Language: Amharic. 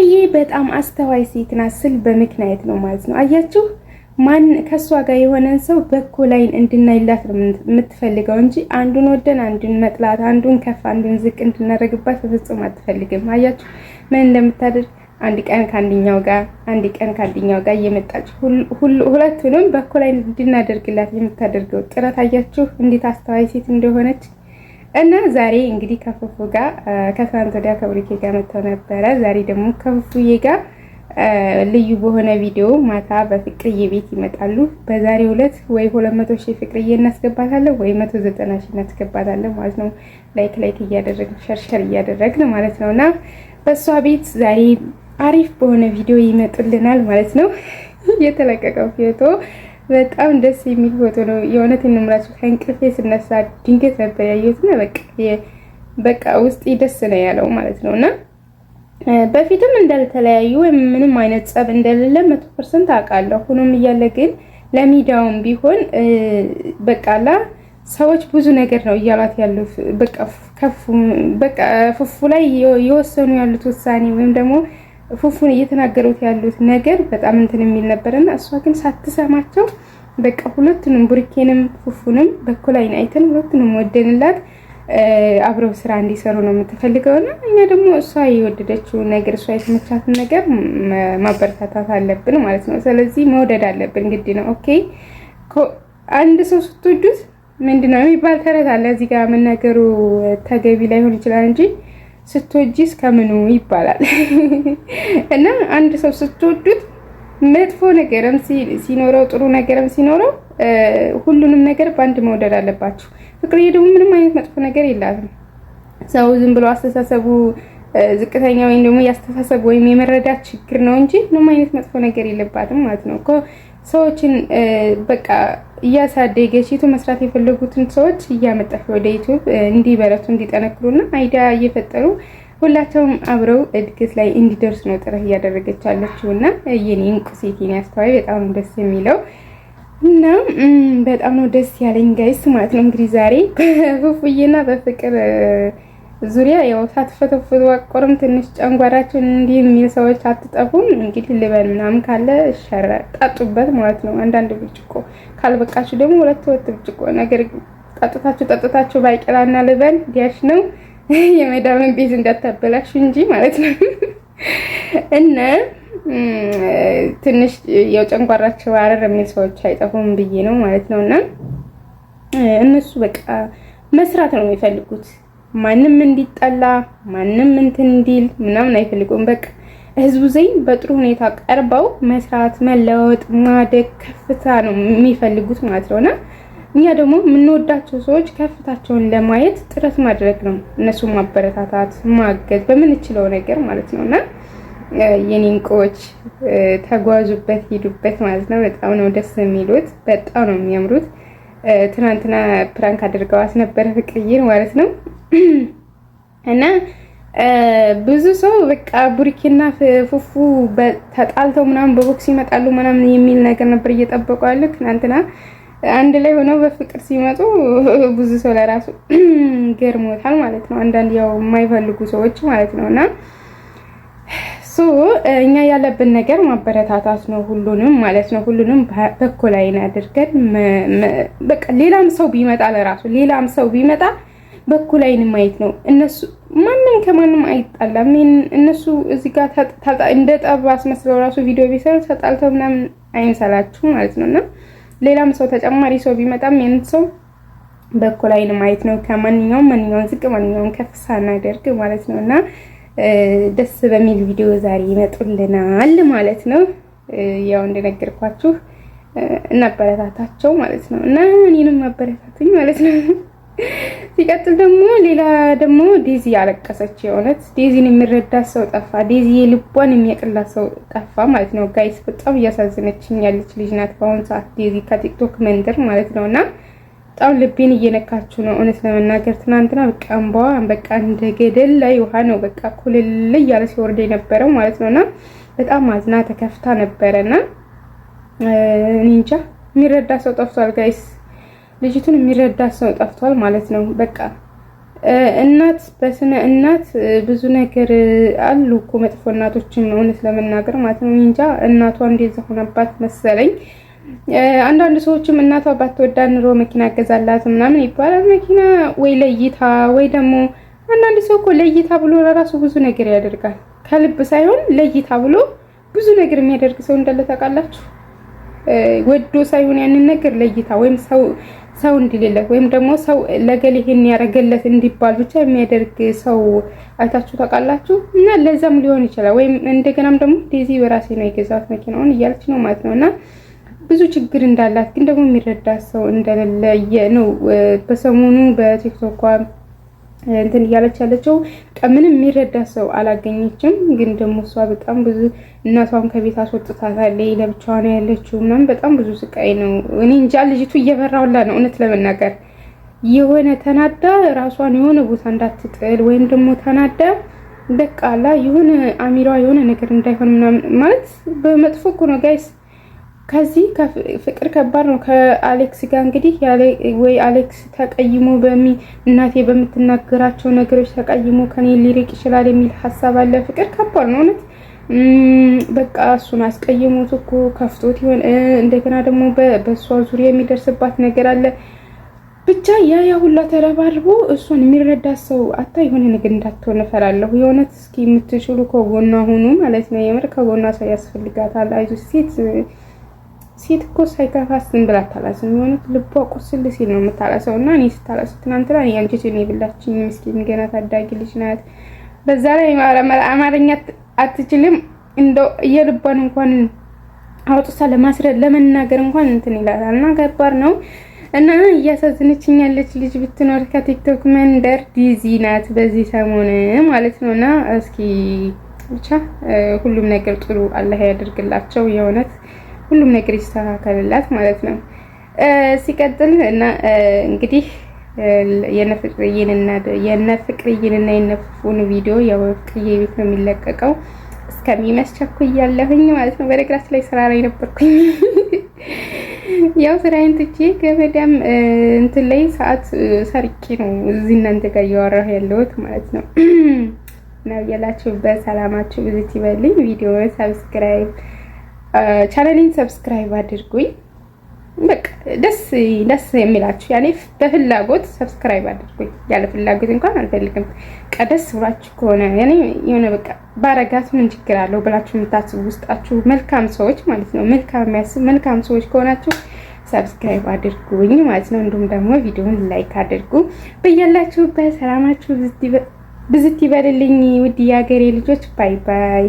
ጽዬ በጣም አስተዋይ ሴት ናት ስል በምክንያት ነው ማለት ነው። አያችሁ ማን ከእሷ ጋር የሆነን ሰው በኮ ላይን እንድናይላት ነው የምትፈልገው እንጂ አንዱን ወደን አንዱን መጥላት፣ አንዱን ከፍ አንዱን ዝቅ እንድናደርግባት በፍጹም አትፈልግም። አያችሁ ምን እንደምታደርግ አንድ ቀን ከአንድኛው ጋር አንድ ቀን ከአንድኛው ጋር እየመጣች ሁለቱንም በኮ ላይ እንድናደርግላት የምታደርገው ጥረት አያችሁ እንዴት አስተዋይ ሴት እንደሆነች። እና ዛሬ እንግዲህ ከፉፉ ጋር ከትናንት ወዲያ ከብሩኬ ጋር መጥተው ነበረ። ዛሬ ደግሞ ከፉፉዬ ጋር ልዩ በሆነ ቪዲዮ ማታ በፍቅርዬ ቤት ይመጣሉ። በዛሬው ዕለት ወይ 200 ሺህ ፍቅርዬ እናስገባታለን ወይ 190 ሺህ እናስገባታለን ማለት ነው። ላይክ ላይክ እያደረግን ሸርሸር እያደረግን ማለት ነው። እና በእሷ ቤት ዛሬ አሪፍ በሆነ ቪዲዮ ይመጡልናል ማለት ነው። የተለቀቀው ፎቶ በጣም ደስ የሚል ፎቶ ነው። የእውነት እንምራችሁ ከእንቅልፌ ስነሳ ድንገት ነበር ያየሁትና በቃ በቃ ውስጤ ደስ ነው ያለው ማለት ነው እና በፊትም እንዳልተለያዩ ወይም ምንም አይነት ጸብ እንደሌለ መቶ ፐርሰንት አውቃለሁ። ሆኖም እያለ ግን ለሚዲያውም ቢሆን በቃላ ሰዎች ብዙ ነገር ነው እያሏት ያለው በቃ ፉፉ ላይ የወሰኑ ያሉት ውሳኔ ወይም ደግሞ ፉፉን እየተናገሩት ያሉት ነገር በጣም እንትን የሚል ነበርና እሷ ግን ሳትሰማቸው በቃ ሁለቱንም ቡርኬንም ፉፉንም በኩል አይን አይተን ሁለቱንም ወደንላት አብረው ስራ እንዲሰሩ ነው የምትፈልገውና እኛ ደግሞ እሷ የወደደችውን ነገር እሷ የተመቻትን ነገር ማበረታታት አለብን ማለት ነው። ስለዚህ መውደድ አለብን ግድ ነው። ኦኬ አንድ ሰው ስትወዱት ምንድነው የሚባል ተረት አለ። እዚህ ጋር መናገሩ ተገቢ ላይሆን ይችላል እንጂ ስትወጂ እስከምኑ ይባላል እና አንድ ሰው ስትወዱት መጥፎ ነገርም ሲኖረው ጥሩ ነገርም ሲኖረው ሁሉንም ነገር በአንድ መውደድ አለባችሁ። ፍቅርዬ ደግሞ ምንም አይነት መጥፎ ነገር የላትም። ሰው ዝም ብሎ አስተሳሰቡ ዝቅተኛ ወይም ደግሞ ያስተሳሰብ ወይም የመረዳት ችግር ነው እንጂ ምንም አይነት መጥፎ ነገር የለባትም ማለት ነው እኮ ሰዎችን በቃ እያሳደገች ዩቱብ መስራት የፈለጉትን ሰዎች እያመጣች ወደ ዩቱብ እንዲበረቱ እንዲጠነክሩና አይዲያ እየፈጠሩ ሁላቸውም አብረው እድገት ላይ እንዲደርሱ ነው ጥረት እያደረገች ያለችው እና የኔ እንቁ ሴቴን ያስተዋይ በጣም ደስ የሚለው እና በጣም ነው ደስ ያለኝ ጋይስ ማለት ነው። እንግዲህ ዛሬ በፉፉዬና በፍቅር ዙሪያ ያው ሳትፈተፍቱ አቆርም ትንሽ ጨንጓራችን እንዲህ የሚል ሰዎች አትጠፉም። እንግዲህ ልበን ምናምን ካለ ሸረ ጠጡበት ማለት ነው። አንዳንድ ብርጭቆ ካልበቃችሁ ደግሞ ሁለት ሁለት ብርጭቆ ነገር ጠጡታችሁ ጠጡታችሁ ባይቀላና ልበን ዲያሽ ነው የመዳምን ቤዝ እንዳታበላሽ እንጂ ማለት ነው እና ትንሽ ያው ጨንጓራቸው አረር የሚል ሰዎች አይጠፉም ብዬ ነው ማለት ነው እና እነሱ በቃ መስራት ነው የሚፈልጉት ማንም እንዲጠላ ማንም እንትን እንዲል ምናምን አይፈልጉም። በቃ ህዝቡ ዘይ በጥሩ ሁኔታ ቀርበው መስራት፣ መለወጥ፣ ማደግ፣ ከፍታ ነው የሚፈልጉት ማለት ነውና እኛ ደግሞ የምንወዳቸው ሰዎች ከፍታቸውን ለማየት ጥረት ማድረግ ነው። እነሱ ማበረታታት፣ ማገዝ በምንችለው ነገር ማለት ነውና እና የኒንቆዎች ተጓዙበት፣ ሂዱበት ማለት ነው። በጣም ነው ደስ የሚሉት፣ በጣም ነው የሚያምሩት። ትናንትና ፕራንክ አድርገዋት ነበረ ፍቅርዬን ማለት ነው። እና ብዙ ሰው በቃ ቡሪኬና ፉፉ ተጣልተው ምናምን በቦክስ ይመጣሉ ምናምን የሚል ነገር ነበር እየጠበቁ ያለ። ትናንትና አንድ ላይ ሆነው በፍቅር ሲመጡ ብዙ ሰው ለራሱ ገርሞታል ማለት ነው። አንዳንድ ያው የማይፈልጉ ሰዎች ማለት ነው። እና እኛ ያለብን ነገር ማበረታታት ነው፣ ሁሉንም ማለት ነው። ሁሉንም በኩል አይን አድርገን በቃ ሌላም ሰው ቢመጣ ለራሱ ሌላም ሰው ቢመጣ በኩል አይን ማየት ነው። እነሱ ማንም ከማንም አይጣላም። እነሱ እዚህ ጋር እንደ ጠብ አስመስለው ራሱ ቪዲዮ ቢሰሩ ተጣልተው ምናምን አይንሰላችሁ ማለት ነው። እና ሌላም ሰው ተጨማሪ ሰው ቢመጣም ያን ሰው በኩል አይን ማየት ነው። ከማንኛውም ማንኛውን ዝቅ ማንኛውን ከፍ ሳናደርግ ማለት ነው። እና ደስ በሚል ቪዲዮ ዛሬ ይመጡልናል ማለት ነው። ያው እንደነገርኳችሁ እናበረታታቸው ማለት ነው። እና እኔንም አበረታቱኝ ማለት ነው። ሲቀጥል ደግሞ ሌላ ደግሞ ዴዚ ያለቀሰች። የእውነት ዴዚን የሚረዳት ሰው ጠፋ። ዴዚ የልቧን የሚያቅላት ሰው ጠፋ ማለት ነው። ጋይስ በጣም እያሳዘነችኝ ያለች ልጅ ናት በአሁኑ ሰዓት ዴዚ ከቲክቶክ መንደር ማለት ነው። እና በጣም ልቤን እየነካችሁ ነው እውነት ለመናገር ትናንትና በቃ እንባዋ በቃ እንደ ገደል ላይ ውሃ ነው በቃ ኩልል እያለ ሲወርድ የነበረው ማለት ነው። እና በጣም አዝና ተከፍታ ነበረና እኔ እንጃ የሚረዳ ሰው ጠፍቷል ጋይስ ልጅቱን የሚረዳ ሰው ጠፍቷል ማለት ነው። በቃ እናት በስነ እናት ብዙ ነገር አሉ እኮ መጥፎ እናቶችም እውነት ለመናገር ማለት ነው። እንጃ እናቷ እንደዛ ሆነባት መሰለኝ። አንዳንድ ሰዎችም እናቷ ባትወዳ ኑሮ መኪና ገዛላት ምናምን ይባላል። መኪና ወይ ለይታ ወይ ደግሞ አንዳንድ ሰው እኮ ለይታ ብሎ ለራሱ ብዙ ነገር ያደርጋል። ከልብ ሳይሆን ለይታ ብሎ ብዙ ነገር የሚያደርግ ሰው እንዳለ ታውቃላችሁ። ወዶ ሳይሆን ያንን ነገር ለይታ ወይም ሰው ሰው እንዲሌለ ወይም ደግሞ ሰው ለገሌ ይሄን ያደረገለት እንዲባል ብቻ የሚያደርግ ሰው አይታችሁ ታውቃላችሁ። እና ለዛም ሊሆን ይችላል ወይም እንደገናም ደግሞ ዴዚ በራሴ ነው የገዛት መኪናውን እያለች ነው ማለት ነው እና ብዙ ችግር እንዳላት ግን ደግሞ የሚረዳት ሰው እንደሌለ ነው በሰሞኑ በቲክቶኳ እንትን እያለች ያለችው ምንም የሚረዳ ሰው አላገኘችም። ግን ደግሞ እሷ በጣም ብዙ እናቷም ከቤት አስወጥታታለች፣ ለብቻዋ ነው ያለችው ምናምን በጣም ብዙ ስቃይ ነው። እኔ እንጃ ልጅቱ እየበራውላ ነው እውነት ለመናገር የሆነ ተናዳ ራሷን የሆነ ቦታ እንዳትጥል ወይም ደግሞ ተናዳ በቃላ የሆነ አሚሯ የሆነ ነገር እንዳይሆን ምናምን ማለት በመጥፎ እኮ ነው ጋይስ ከዚህ ፍቅር ከባድ ነው። ከአሌክስ ጋር እንግዲህ ወይ አሌክስ ተቀይሞ በሚ እናቴ በምትናገራቸው ነገሮች ተቀይሞ ከኔ ሊርቅ ይችላል የሚል ሀሳብ አለ። ፍቅር ከባድ ነው እውነት። በቃ እሱን አስቀይሞት እኮ ከፍቶት ይሆን? እንደገና ደግሞ በእሷ ዙሪያ የሚደርስባት ነገር አለ። ብቻ ያ ያ ሁላ ተረባርቦ እሱን የሚረዳ ሰው አታ የሆነ ነገር እንዳትሆን እፈራለሁ። የእውነት እስኪ የምትችሉ ከጎኗ ሁኑ ማለት ነው። የምር ከጎኗ ሰው ያስፈልጋታል። አይዞሽ ሴት ሴት እኮ ሳይከፋት ዝም ብላ አታላስም። የሆነት ልቧ ቁስል ሲል ነው የምታላሰው። እና እኔ ስታላሰው ትናንትና አንጀቴን የበላችኝ ምስኪን ገና ታዳጊ ልጅ ናት። በዛ ላይ አማርኛ አትችልም። እንደው የልቧን እንኳን አውጥታ ለማስረድ ለመናገር እንኳን እንትን ይላታል። እና ገባር ነው እና እያሳዝነችኝ ያለች ልጅ ብትኖር ከቲክቶክ መንደር ዲዚ ናት፣ በዚህ ሰሞን ማለት ነው። እና እስኪ ብቻ ሁሉም ነገር ጥሩ አላህ ያደርግላቸው የእውነት ሁሉም ነገር ይስተካከልላት ማለት ነው። ሲቀጥል እና እንግዲህ የነ ፍቅርዬንና የነ ፉፉን ቪዲዮ ያው ቤት ነው የሚለቀቀው እስከሚመስ ቸኩያለሁኝ ማለት ነው። በነገራችን ላይ ስራ ላይ ነበርኩኝ። ያው ስራዬን ትቼ ገበዳም እንትን ላይ ሰዓት ሰርቄ ነው እዚህ እናንተ ጋር እያወራሁ ያለሁት ማለት ነው። እና ያላችሁበት ሰላማችሁ ብዙ ይበልኝ። ቪዲዮ ሰብስክራይብ ቻናሌን ሰብስክራይብ አድርጉኝ። በቃ ደስ ደስ የሚላችሁ ያኔ በፍላጎት ሰብስክራይብ አድርጉኝ። ያለ ፍላጎት እንኳን አልፈልግም። ቀደስ ብላችሁ ከሆነ ያኔ የሆነ በቃ ባረጋት ምን ችግር አለው ብላችሁ የምታስቡ ውስጣችሁ መልካም ሰዎች ማለት ነው፣ መልካም የሚያስብ መልካም ሰዎች ከሆናችሁ ሰብስክራይብ አድርጉኝ ማለት ነው። እንዲሁም ደግሞ ቪዲዮውን ላይክ አድርጉ። በያላችሁበት ሰላማችሁ ብዝት ይበልልኝ ውድ የሀገሬ ልጆች። ባይ ባይ